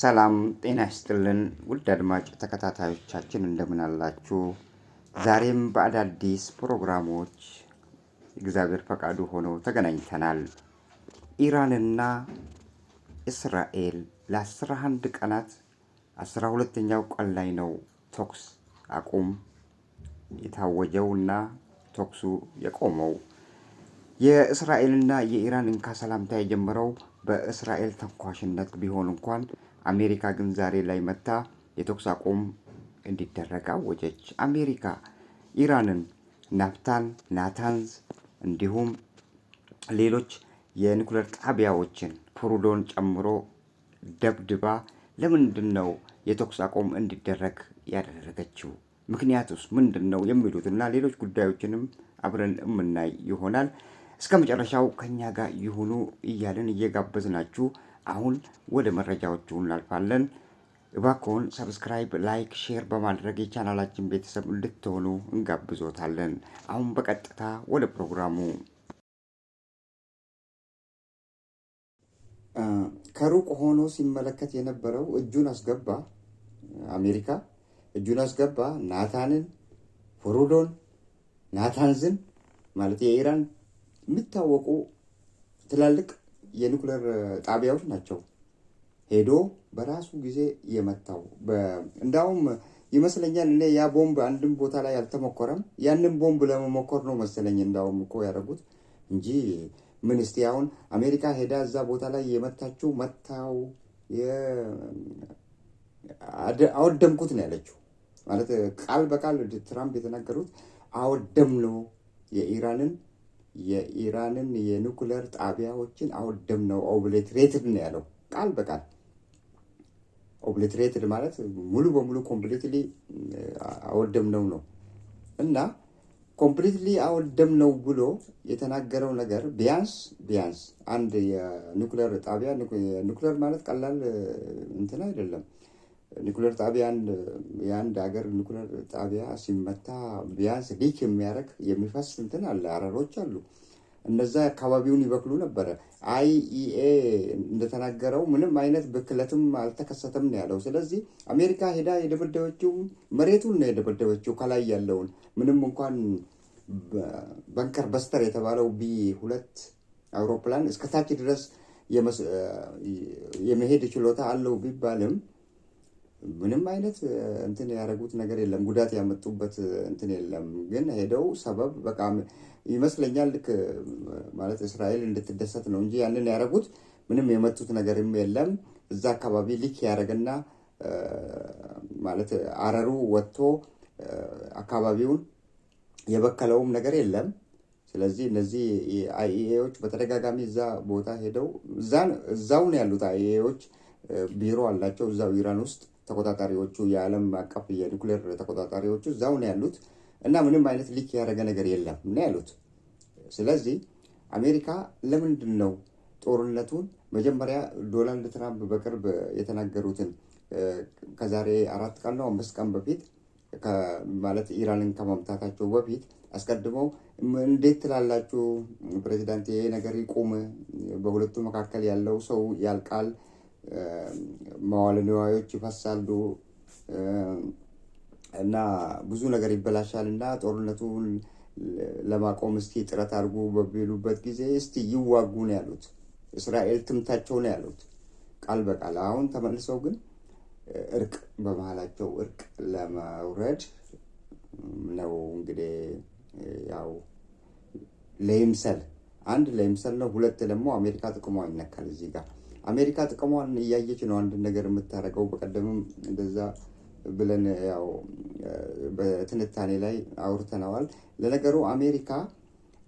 ሰላም ጤና ይስጥልን ውድ አድማጭ ተከታታዮቻችን እንደምን አላችሁ? ዛሬም በአዳዲስ ፕሮግራሞች እግዚአብሔር ፈቃዱ ሆነው ተገናኝተናል። ኢራንና እስራኤል ለአስራ አንድ ቀናት አስራ ሁለተኛው ቀን ላይ ነው ተኩስ አቁም የታወጀው እና ተኩሱ የቆመው። የእስራኤልና የኢራን እንካ ሰላምታ የጀመረው በእስራኤል ተንኳሽነት ቢሆን እንኳን አሜሪካ ግን ዛሬ ላይ መታ የተኩስ አቁም እንዲደረግ አወጀች። አሜሪካ ኢራንን ናፍታን፣ ናታንዝ እንዲሁም ሌሎች የኒኩሌር ጣቢያዎችን ፎርዶን ጨምሮ ደብድባ ለምንድን ነው የተኩስ አቁም እንዲደረግ ያደረገችው? ምክንያቱስ ምንድን ነው የሚሉትና ሌሎች ጉዳዮችንም አብረን የምናይ ይሆናል። እስከ መጨረሻው ከእኛ ጋር ይሁኑ እያልን እየጋበዝናችሁ አሁን ወደ መረጃዎቹ እናልፋለን። እባክዎን ሰብስክራይብ፣ ላይክ፣ ሼር በማድረግ የቻናላችን ቤተሰብ እንድትሆኑ እንጋብዞታለን። አሁን በቀጥታ ወደ ፕሮግራሙ ከሩቅ ሆኖ ሲመለከት የነበረው እጁን አስገባ። አሜሪካ እጁን አስገባ። ናታንን፣ ፍሩዶን ናታንዝን ማለት የኢራን የሚታወቁ ትላልቅ የኒኩሌር ጣቢያዎች ናቸው ሄዶ በራሱ ጊዜ የመታው። እንዳውም ይመስለኛል እኔ ያ ቦምብ አንድም ቦታ ላይ አልተሞከረም። ያንን ቦምብ ለመሞከር ነው መሰለኝ እንዳውም እኮ ያደረጉት እንጂ ምን እስቲ አሁን አሜሪካ ሄዳ እዛ ቦታ ላይ የመታችው መታው አወደምኩት ነው ያለችው። ማለት ቃል በቃል ትራምፕ የተናገሩት አወደም ነው የኢራንን የኢራንን የኒኩሌር ጣቢያዎችን አወደም ነው ኦብሊትሬትድ ነው ያለው ቃል በቃል ኦብሊትሬትድ ማለት ሙሉ በሙሉ ኮምፕሊትሊ አወደም ነው ነው እና ኮምፕሊትሊ አወደም ነው ብሎ የተናገረው ነገር ቢያንስ ቢያንስ አንድ የኒኩሌር ጣቢያ ኒኩሌር ማለት ቀላል እንትን አይደለም ኒኩሌር ጣቢያን የአንድ ሀገር ኒኩሌር ጣቢያ ሲመታ ቢያንስ ሊክ የሚያደርግ የሚፈስ እንትን አለ፣ አረሮች አሉ። እነዛ አካባቢውን ይበክሉ ነበረ። አይኢኤ እንደተናገረው ምንም አይነት ብክለትም አልተከሰተም ነው ያለው። ስለዚህ አሜሪካ ሄዳ የደበደበችው መሬቱን ነው የደበደበችው፣ ከላይ ያለውን ምንም እንኳን በንከር በስተር የተባለው ቢ ሁለት አውሮፕላን እስከታች ድረስ የመሄድ ችሎታ አለው ቢባልም ምንም አይነት እንትን ያደረጉት ነገር የለም። ጉዳት ያመጡበት እንትን የለም። ግን ሄደው ሰበብ በቃ ይመስለኛል ልክ ማለት እስራኤል እንድትደሰት ነው እንጂ ያንን ያደረጉት ምንም የመጡት ነገርም የለም። እዛ አካባቢ ሊክ ያደረገና ማለት አረሩ ወጥቶ አካባቢውን የበከለውም ነገር የለም። ስለዚህ እነዚህ አይኤዎች በተደጋጋሚ እዛ ቦታ ሄደው እዛውን ያሉት። አይኤዎች ቢሮ አላቸው እዛው ኢራን ውስጥ ተቆጣጣሪዎቹ የዓለም አቀፍ የኒኩሌር ተቆጣጣሪዎቹ እዛው ነው ያሉት እና ምንም አይነት ሊክ ያደረገ ነገር የለም እና ያሉት። ስለዚህ አሜሪካ ለምንድን ነው ጦርነቱን መጀመሪያ ዶናልድ ትራምፕ በቅርብ የተናገሩትን ከዛሬ አራት ቀን ነው አምስት ቀን በፊት ማለት ኢራንን ከመምታታቸው በፊት አስቀድመው እንዴት ትላላችሁ ፕሬዚዳንት፣ ይሄ ነገር ይቁም፣ በሁለቱ መካከል ያለው ሰው ያልቃል መዋለ ንዋዮች ይፈሳሉ እና ብዙ ነገር ይበላሻል እና ጦርነቱን ለማቆም እስቲ ጥረት አድርጉ በሚሉበት ጊዜ እስቲ ይዋጉ ነው ያሉት። እስራኤል ትምታቸው ነው ያሉት ቃል በቃል። አሁን ተመልሰው ግን እርቅ በመሀላቸው እርቅ ለመውረድ ነው እንግዲህ ያው ለይምሰል አንድ ለይምሰል ነው፣ ሁለት ደግሞ አሜሪካ ጥቅሟ ይነካል እዚህ ጋር አሜሪካ ጥቅሟን እያየች ነው አንድን ነገር የምታደርገው። በቀደምም እንደዛ ብለን ያው በትንታኔ ላይ አውርተነዋል። ለነገሩ አሜሪካ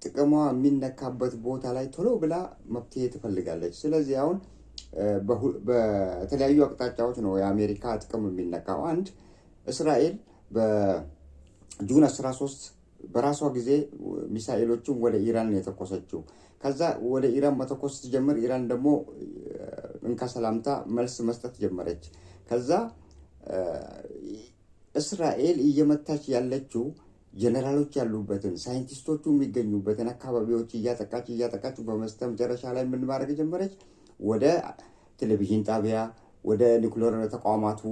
ጥቅሟ የሚነካበት ቦታ ላይ ቶሎ ብላ መፍትሄ ትፈልጋለች። ስለዚህ አሁን በተለያዩ አቅጣጫዎች ነው የአሜሪካ ጥቅም የሚነካው። አንድ እስራኤል በጁን 13 በራሷ ጊዜ ሚሳኤሎችን ወደ ኢራን የተኮሰችው ከዛ ወደ ኢራን መተኮስ ስትጀምር ኢራን ደግሞ እንካ ሰላምታ መልስ መስጠት ጀመረች። ከዛ እስራኤል እየመታች ያለችው ጀነራሎች ያሉበትን ሳይንቲስቶቹ የሚገኙበትን አካባቢዎች እያጠቃች እያጠቃች መጨረሻ ላይ ምን ማድረግ ጀመረች? ወደ ቴሌቪዥን ጣቢያ፣ ወደ ኒኩሌር ተቋማቱ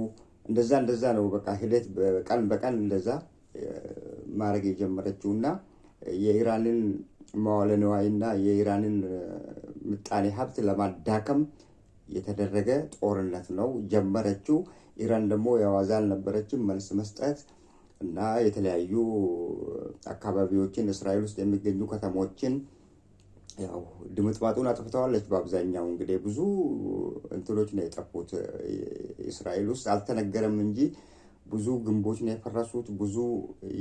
እንደዛ እንደዛ ነው። በቃ ሂደት በቀን በቀን እንደዛ ማድረግ የጀመረችው እና የኢራንን መዋለ ንዋይና የኢራንን ምጣኔ ሀብት ለማዳከም የተደረገ ጦርነት ነው። ጀመረችው ኢራን ደግሞ የዋዛ አልነበረችም። መልስ መስጠት እና የተለያዩ አካባቢዎችን እስራኤል ውስጥ የሚገኙ ከተሞችን ያው ድምጥማጡን አጥፍተዋለች። በአብዛኛው እንግዲህ ብዙ እንትኖች ነው የጠፉት እስራኤል ውስጥ አልተነገረም እንጂ ብዙ ግንቦች ነው የፈረሱት፣ ብዙ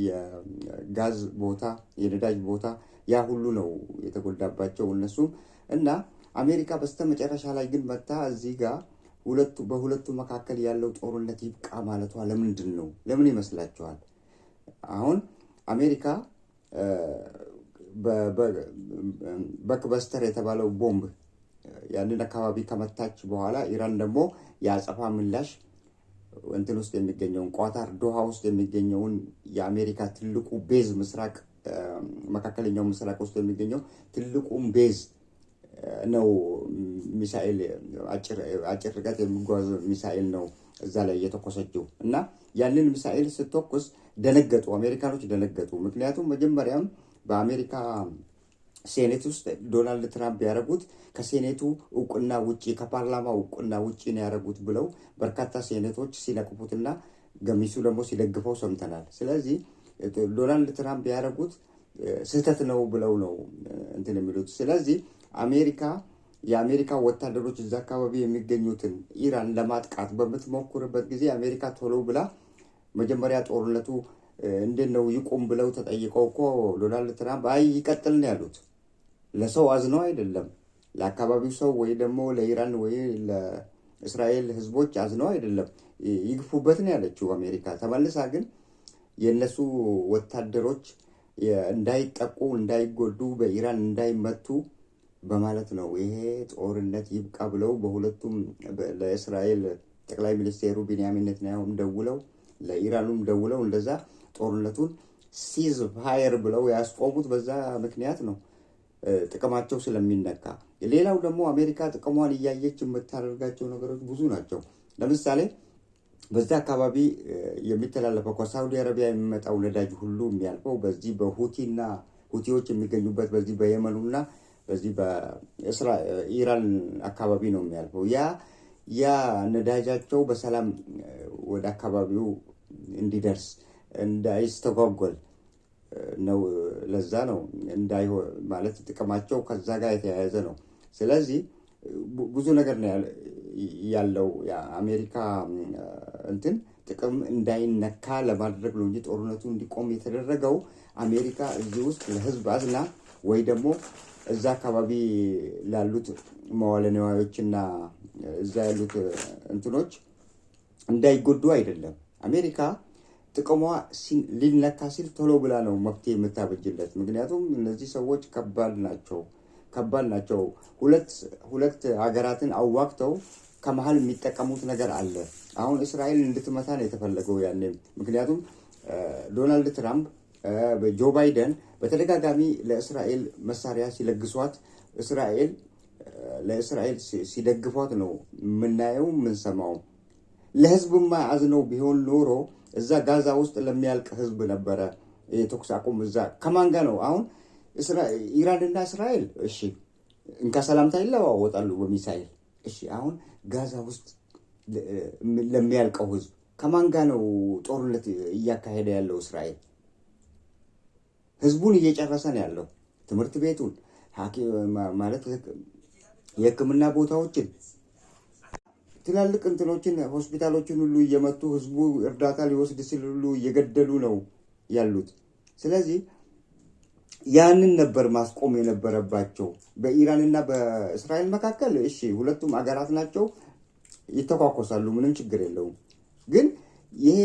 የጋዝ ቦታ፣ የነዳጅ ቦታ ያ ሁሉ ነው የተጎዳባቸው እነሱም እና አሜሪካ በስተመጨረሻ ላይ ግን መታ እዚህ ጋር ሁለቱ በሁለቱ መካከል ያለው ጦርነት ይብቃ ማለቷ ለምንድን ነው? ለምን ይመስላችኋል? አሁን አሜሪካ በክበስተር የተባለው ቦምብ ያንን አካባቢ ከመታች በኋላ ኢራን ደግሞ የአጸፋ ምላሽ እንትን ውስጥ የሚገኘውን ቋታር ዶሃ ውስጥ የሚገኘውን የአሜሪካ ትልቁ ቤዝ ምስራቅ መካከለኛው ምስራቅ ውስጥ የሚገኘው ትልቁም ቤዝ ነው ሚሳኤል አጭር ርቀት የሚጓዝ ሚሳኤል ነው እዛ ላይ እየተኮሰችው እና ያንን ሚሳኤል ስትተኩስ ደነገጡ፣ አሜሪካኖች ደነገጡ። ምክንያቱም መጀመሪያም በአሜሪካ ሴኔት ውስጥ ዶናልድ ትራምፕ ያደረጉት ከሴኔቱ እውቅና ውጭ ከፓርላማ እውቅና ውጭ ነው ያደረጉት ብለው በርካታ ሴኔቶች ሲነቅፉትና ገሚሱ ደግሞ ሲደግፈው ሰምተናል። ስለዚህ ዶናልድ ትራምፕ ያደረጉት ስህተት ነው ብለው ነው እንትን የሚሉት ስለዚህ አሜሪካ የአሜሪካ ወታደሮች እዛ አካባቢ የሚገኙትን ኢራን ለማጥቃት በምትሞክርበት ጊዜ አሜሪካ ቶሎ ብላ መጀመሪያ ጦርነቱ እንዴት ነው ይቁም ብለው ተጠይቀው እኮ ዶናልድ ትራምፕ አይ ይቀጥል ነው ያሉት። ለሰው አዝነው አይደለም፣ ለአካባቢው ሰው ወይ ደግሞ ለኢራን ወይ ለእስራኤል ህዝቦች አዝነው አይደለም፣ ይግፉበት ነው ያለችው አሜሪካ። ተመልሳ ግን የእነሱ ወታደሮች እንዳይጠቁ፣ እንዳይጎዱ፣ በኢራን እንዳይመቱ በማለት ነው። ይሄ ጦርነት ይብቃ ብለው በሁለቱም ለእስራኤል ጠቅላይ ሚኒስቴሩ ቢንያሚን ኔትንያሁም ደውለው ለኢራኑም ደውለው እንደዛ ጦርነቱን ሲዝ ፋየር ብለው ያስቆሙት በዛ ምክንያት ነው፣ ጥቅማቸው ስለሚነካ። ሌላው ደግሞ አሜሪካ ጥቅሟን እያየች የምታደርጋቸው ነገሮች ብዙ ናቸው። ለምሳሌ በዛ አካባቢ የሚተላለፈው ከሳውዲ አረቢያ የሚመጣው ነዳጅ ሁሉ የሚያልፈው በዚህ በሁቲና ሁቲዎች የሚገኙበት በዚህ በየመኑና በዚህ በኢራን አካባቢ ነው የሚያልፈው። ያ ያ ነዳጃቸው በሰላም ወደ አካባቢው እንዲደርስ እንዳይስተጓጎል ነው። ለዛ ነው ማለት ጥቅማቸው ከዛ ጋር የተያያዘ ነው። ስለዚህ ብዙ ነገር ነው ያለው የአሜሪካ እንትን ጥቅም እንዳይነካ ለማድረግ ነው እንጂ ጦርነቱ እንዲቆም የተደረገው አሜሪካ እዚህ ውስጥ ለህዝብ አዝና ወይ ደግሞ እዛ አካባቢ ላሉት መዋለ ንዋዮችና እዛ ያሉት እንትኖች እንዳይጎዱ አይደለም። አሜሪካ ጥቅሟ ሊነካ ሲል ቶሎ ብላ ነው መፍትሄ የምታበጅለት። ምክንያቱም እነዚህ ሰዎች ከባድ ናቸው ከባድ ናቸው። ሁለት ሀገራትን አዋግተው ከመሀል የሚጠቀሙት ነገር አለ። አሁን እስራኤል እንድትመታ ነው የተፈለገው ያኔ ምክንያቱም ዶናልድ ትራምፕ ጆ ባይደን በተደጋጋሚ ለእስራኤል መሳሪያ ሲለግሷት እስራኤል ለእስራኤል ሲደግፏት ነው የምናየው የምንሰማው። ለህዝብማ አዝነው ቢሆን ኖሮ እዛ ጋዛ ውስጥ ለሚያልቅ ህዝብ ነበረ የተኩስ አቁም እዛ ከማን ነው አሁን ኢራንና እስራኤል እሺ እንካ ሰላምታ ይለዋወጣሉ በሚሳይል እሺ አሁን ጋዛ ውስጥ ለሚያልቀው ህዝብ ከማን ነው ጦርነት እያካሄደ ያለው እስራኤል ህዝቡን እየጨረሰ ነው ያለው። ትምህርት ቤቱን ማለት የህክምና ቦታዎችን ትላልቅ እንትኖችን ሆስፒታሎችን ሁሉ እየመቱ ህዝቡ እርዳታ ሊወስድ ስል ሁሉ እየገደሉ ነው ያሉት። ስለዚህ ያንን ነበር ማስቆም የነበረባቸው። በኢራን እና በእስራኤል መካከል እሺ፣ ሁለቱም አገራት ናቸው፣ ይተኳኮሳሉ፣ ምንም ችግር የለውም። ግን ይሄ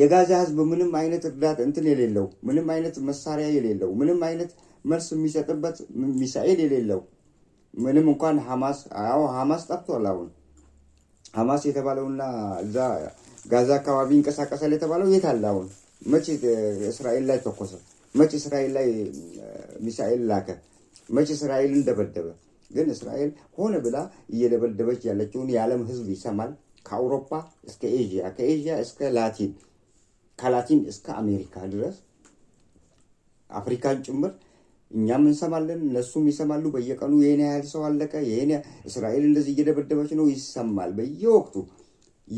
የጋዛ ህዝብ ምንም አይነት እርዳታ እንትን የሌለው ምንም አይነት መሳሪያ የሌለው ምንም አይነት መልስ የሚሰጥበት ሚሳኤል የሌለው ምንም እንኳን ሐማስ አዎ ሐማስ ጠፍቷል። አሁን ሐማስ የተባለውና እዛ ጋዛ አካባቢ ይንቀሳቀሳል የተባለው የት አለ? አሁን መቼ እስራኤል ላይ ተኮሰ? መቼ እስራኤል ላይ ሚሳኤል ላከ? መቼ እስራኤልን ደበደበ? ግን እስራኤል ሆነ ብላ እየደበደበች ያለችውን የዓለም ህዝብ ይሰማል። ከአውሮፓ እስከ ኤዥያ ከኤዥያ እስከ ላቲን ከላቲን እስከ አሜሪካ ድረስ አፍሪካን ጭምር እኛም እንሰማለን፣ እነሱም ይሰማሉ። በየቀኑ ይህን ያህል ሰው አለቀ፣ ይህን እስራኤል እንደዚህ እየደበደበች ነው ይሰማል በየወቅቱ።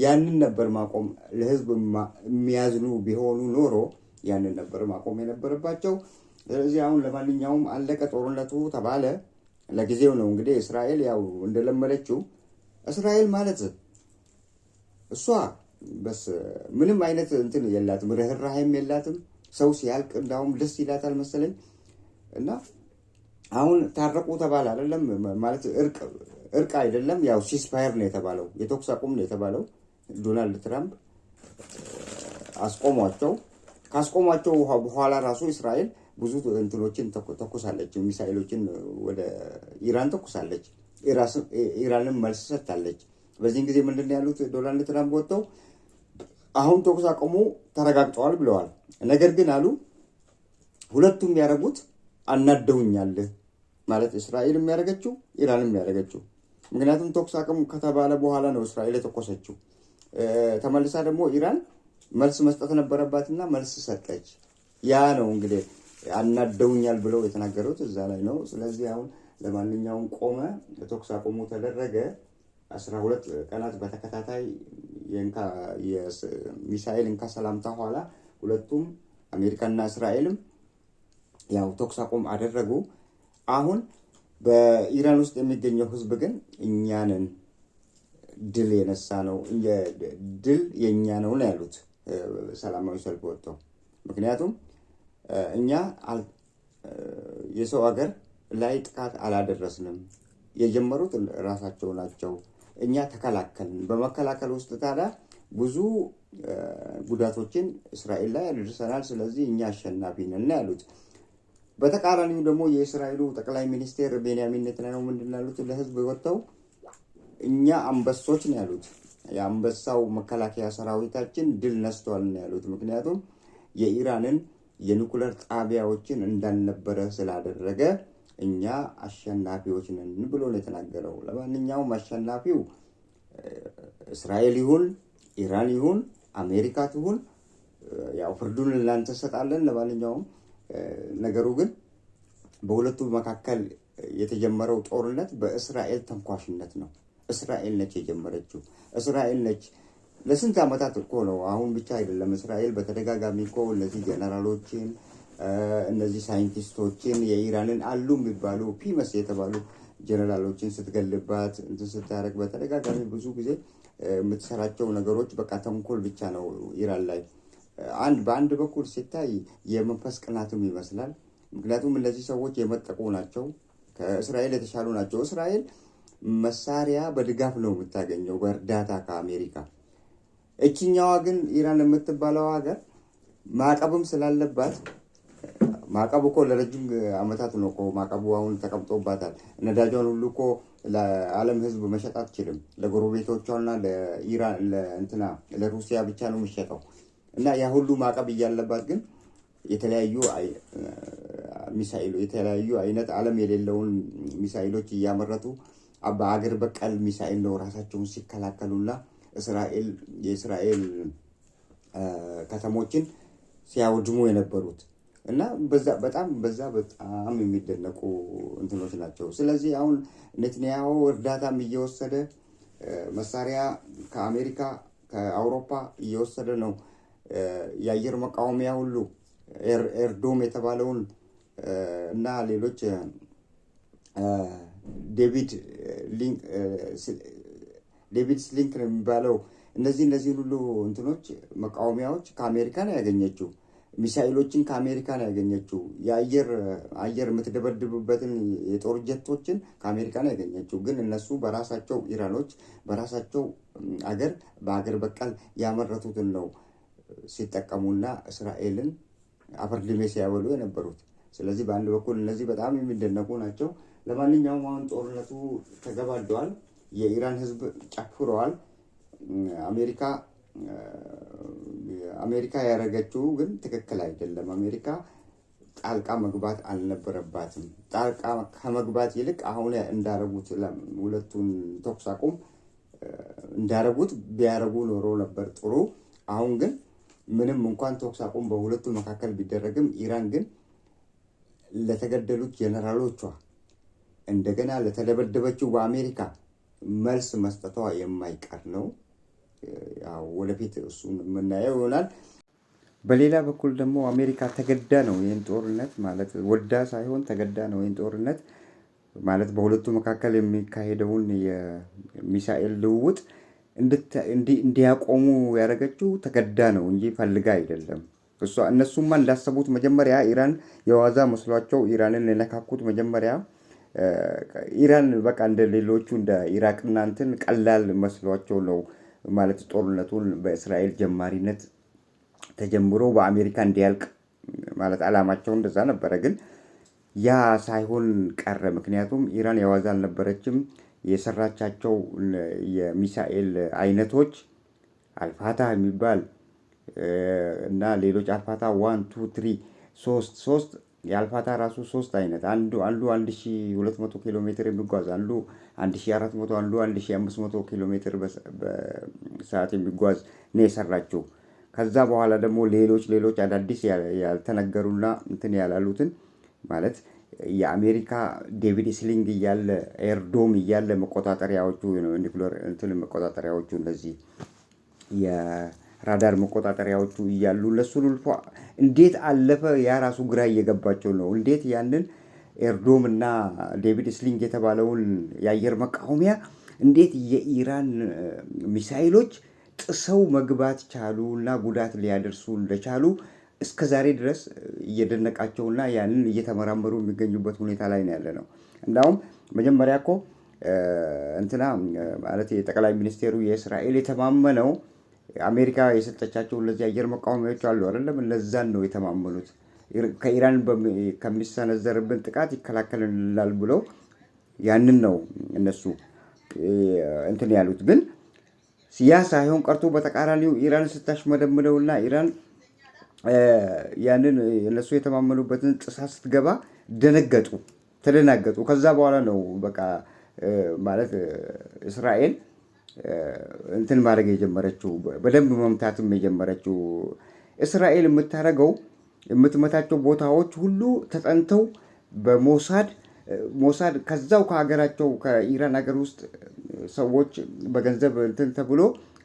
ያንን ነበር ማቆም ለህዝብ የሚያዝኑ ቢሆኑ ኖሮ ያንን ነበር ማቆም የነበረባቸው። ስለዚህ አሁን ለማንኛውም አለቀ ጦርነቱ ተባለ። ለጊዜው ነው እንግዲህ እስራኤል ያው እንደለመደችው እስራኤል ማለት እሷ በስ ምንም አይነት እንትን የላትም፣ ርህራሄም የላትም። ሰው ሲያልቅ እንዳውም ደስ ይላታል መሰለኝ። እና አሁን ታረቁ ተባለ አይደለም ማለት እርቅ አይደለም፣ ያው ሲስፋየር ነው የተባለው፣ የተኩስ አቁም ነው የተባለው። ዶናልድ ትራምፕ አስቆሟቸው። ካስቆሟቸው በኋላ ራሱ እስራኤል ብዙ እንትኖችን ተኩሳለች፣ ሚሳኤሎችን ወደ ኢራን ተኩሳለች፣ ኢራንም መልስ ሰጥታለች። በዚህን ጊዜ ምንድን ነው ያሉት ዶናልድ ትራምፕ ወጥተው አሁን ተኩስ አቁሙ ተረጋግጠዋል ብለዋል። ነገር ግን አሉ ሁለቱም ያደረጉት አናደውኛል ማለት እስራኤል የሚያደረገችው ኢራን የሚያደርገችው ምክንያቱም ተኩስ አቁም ከተባለ በኋላ ነው እስራኤል የተኮሰችው። ተመልሳ ደግሞ ኢራን መልስ መስጠት ነበረባትና መልስ ሰጠች። ያ ነው እንግዲህ አናደውኛል ብለው የተናገሩት እዛ ላይ ነው። ስለዚህ አሁን ለማንኛውም ቆመ፣ ተኩስ አቁሙ ተደረገ። አስራ ሁለት ቀናት በተከታታይ ሚሳኤል እንካ ሰላምታ ኋላ ሁለቱም አሜሪካና እስራኤልም ያው ተኩስ አቁም አደረጉ። አሁን በኢራን ውስጥ የሚገኘው ህዝብ ግን እኛንን ድል የነሳ ነው ድል የእኛ ነው ነው ያሉት ሰላማዊ ሰልፍ ወጥተው። ምክንያቱም እኛ የሰው ሀገር ላይ ጥቃት አላደረስንም። የጀመሩት ራሳቸው ናቸው። እኛ ተከላከልን። በመከላከል ውስጥ ታዲያ ብዙ ጉዳቶችን እስራኤል ላይ አድርሰናል። ስለዚህ እኛ አሸናፊ ነን ያሉት። በተቃራኒው ደግሞ የእስራኤሉ ጠቅላይ ሚኒስቴር ቤንያሚን ኔታንያሁ ምንድን ያሉት ለህዝብ ወጥተው እኛ አንበሶች ነው ያሉት። የአንበሳው መከላከያ ሰራዊታችን ድል ነስቷል ነው ያሉት። ምክንያቱም የኢራንን የኒኩለር ጣቢያዎችን እንዳልነበረ ስላደረገ እኛ አሸናፊዎች ነን ብሎ ነው የተናገረው። ለማንኛውም አሸናፊው እስራኤል ይሁን ኢራን ይሁን አሜሪካ ትሁን፣ ያው ፍርዱን እናንተ ሰጣለን። ለማንኛውም ነገሩ ግን በሁለቱ መካከል የተጀመረው ጦርነት በእስራኤል ተንኳሽነት ነው። እስራኤል ነች የጀመረችው። እስራኤል ነች ለስንት ዓመታት እኮ ነው። አሁን ብቻ አይደለም። እስራኤል በተደጋጋሚ እኮ እነዚህ ጀነራሎችን እነዚህ ሳይንቲስቶችን የኢራንን አሉ የሚባሉ ፒመስ የተባሉ ጀነራሎችን ስትገልባት እንትን ስታደርግ በተደጋጋሚ ብዙ ጊዜ የምትሰራቸው ነገሮች በቃ ተንኮል ብቻ ነው ኢራን ላይ። አንድ በአንድ በኩል ሲታይ የመንፈስ ቅናትም ይመስላል። ምክንያቱም እነዚህ ሰዎች የመጠቁ ናቸው፣ ከእስራኤል የተሻሉ ናቸው። እስራኤል መሳሪያ በድጋፍ ነው የምታገኘው በእርዳታ ከአሜሪካ። እችኛዋ ግን ኢራን የምትባለው ሀገር ማዕቀብም ስላለባት ማዕቀቡ እኮ ለረጅም ዓመታት ነው እኮ ማዕቀቡ አሁን ተቀምጦባታል። ነዳጇን ሁሉ እኮ ለዓለም ሕዝብ መሸጥ አትችልም። ለጎረቤቶቿና ለኢራን ለእንትና ለሩሲያ ብቻ ነው የሚሸጠው እና ያ ሁሉ ማዕቀብ እያለባት ግን የተለያዩ ሚሳይሉ የተለያዩ አይነት ዓለም የሌለውን ሚሳይሎች እያመረቱ በአገር በቀል ሚሳይል ነው ራሳቸውን ሲከላከሉና እስራኤል የእስራኤል ከተሞችን ሲያወድሙ የነበሩት እና በዛ በጣም በዛ በጣም የሚደነቁ እንትኖች ናቸው። ስለዚህ አሁን ኔትንያሁ እርዳታም እየወሰደ መሳሪያ ከአሜሪካ ከአውሮፓ እየወሰደ ነው። የአየር መቃወሚያ ሁሉ ኤርዶም የተባለውን እና ሌሎች ዴቪድ ዴቪድ ስሊንክ ነው የሚባለው እነዚህ እነዚህን ሁሉ እንትኖች መቃወሚያዎች ከአሜሪካ ነው ያገኘችው። ሚሳኤሎችን ከአሜሪካን ያገኘችው የአየር አየር የምትደበድብበትን የጦር ጀቶችን ከአሜሪካን ያገኘችው ግን እነሱ በራሳቸው ኢራኖች በራሳቸው አገር በአገር በቀል ያመረቱትን ነው ሲጠቀሙና እስራኤልን አፈርድሜ ሲያበሉ የነበሩት። ስለዚህ በአንድ በኩል እነዚህ በጣም የሚደነቁ ናቸው። ለማንኛውም አሁን ጦርነቱ ተገባደዋል። የኢራን ሕዝብ ጨፍረዋል። አሜሪካ አሜሪካ ያደረገችው ግን ትክክል አይደለም። አሜሪካ ጣልቃ መግባት አልነበረባትም። ጣልቃ ከመግባት ይልቅ አሁን እንዳረጉት ሁለቱን ተኩስ አቁም እንዳረጉት ቢያረጉ ኖሮ ነበር ጥሩ። አሁን ግን ምንም እንኳን ተኩስ አቁም በሁለቱ መካከል ቢደረግም ኢራን ግን ለተገደሉት ጀነራሎቿ እንደገና ለተደበደበችው በአሜሪካ መልስ መስጠቷ የማይቀር ነው። ያው ወደፊት እሱን የምናየው ይሆናል። በሌላ በኩል ደግሞ አሜሪካ ተገዳ ነው ይህን ጦርነት ማለት ወዳ ሳይሆን ተገዳ ነው ይህን ጦርነት ማለት በሁለቱ መካከል የሚካሄደውን የሚሳኤል ልውውጥ እንዲያቆሙ ያደረገችው ተገዳ ነው እንጂ ፈልጋ አይደለም። እሷ እነሱማ እንዳሰቡት መጀመሪያ ኢራን የዋዛ መስሏቸው ኢራንን የነካኩት መጀመሪያ ኢራን በቃ እንደ ሌሎቹ እንደ ኢራቅ እናንትን ቀላል መስሏቸው ነው ማለት ጦርነቱን በእስራኤል ጀማሪነት ተጀምሮ በአሜሪካ እንዲያልቅ ማለት አላማቸው እንደዛ ነበረ። ግን ያ ሳይሆን ቀረ። ምክንያቱም ኢራን የዋዛ አልነበረችም። የሰራቻቸው የሚሳኤል አይነቶች አልፋታ የሚባል እና ሌሎች አልፋታ ዋን ቱ ትሪ ሶስት ሶስት የአልፋታ ራሱ ሶስት አይነት አንዱ አንዱ አንድ ሺ ሁለት መቶ ኪሎ ሜትር የሚጓዝ አንዱ 1400 አንዱ 1500 ኪሎ ሜትር በሰዓት የሚጓዝ ነው የሰራችው። ከዛ በኋላ ደግሞ ሌሎች ሌሎች አዳዲስ ያልተነገሩና እንትን ያላሉትን ማለት የአሜሪካ ዴቪድ ስሊንግ እያለ ኤርዶም እያለ መቆጣጠሪያዎቹ ኒኩለር እንትን መቆጣጠሪያዎቹ እነዚህ የራዳር መቆጣጠሪያዎቹ እያሉ ለሱ ልልፎ እንዴት አለፈ? ያ ራሱ ግራ እየገባቸው ነው። እንዴት ያንን ኤርዶም እና ዴቪድ ስሊንግ የተባለውን የአየር መቃወሚያ እንዴት የኢራን ሚሳይሎች ጥሰው መግባት ቻሉ እና ጉዳት ሊያደርሱ እንደቻሉ እስከ ዛሬ ድረስ እየደነቃቸውና ያንን እየተመራመሩ የሚገኙበት ሁኔታ ላይ ነው ያለ ነው። እንዳውም መጀመሪያ እኮ እንትና ማለት የጠቅላይ ሚኒስቴሩ የእስራኤል የተማመነው አሜሪካ የሰጠቻቸው እነዚህ አየር መቃወሚያዎች አሉ አይደለም፣ እነዛን ነው የተማመኑት። ከኢራን ከሚሰነዘርብን ጥቃት ይከላከልላል ብለው ያንን ነው እነሱ እንትን ያሉት። ግን ያ ሳይሆን ቀርቶ በተቃራኒው ኢራን እና ኢራን ያንን እነሱ የተማመኑበትን ጥሳ ስትገባ ደነገጡ፣ ተደናገጡ። ከዛ በኋላ ነው በቃ ማለት እስራኤል እንትን ማድረግ የጀመረችው በደንብ መምታትም የጀመረችው። እስራኤል የምታደርገው የምትመታቸው ቦታዎች ሁሉ ተጠንተው በሞሳድ ሞሳድ ከዛው ከሀገራቸው ከኢራን ሀገር ውስጥ ሰዎች በገንዘብ እንትን ተብሎ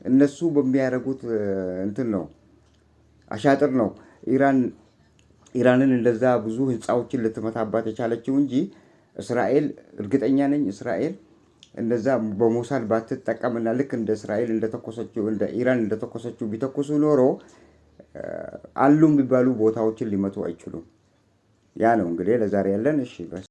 እነሱ በሚያደርጉት እንትን ነው አሻጥር ነው ኢራን ኢራንን እንደዛ ብዙ ህንፃዎችን ልትመታባት የቻለችው እንጂ እስራኤል እርግጠኛ ነኝ እስራኤል እንደዛ በሞሳድ ባትጠቀምና ልክ እንደ እስራኤል እንደተኮሰችው እንደ ኢራን እንደተኮሰችው ቢተኩሱ ኖሮ አሉ የሚባሉ ቦታዎችን ሊመቱ አይችሉም። ያ ነው እንግዲህ ለዛሬ ያለን። እሺ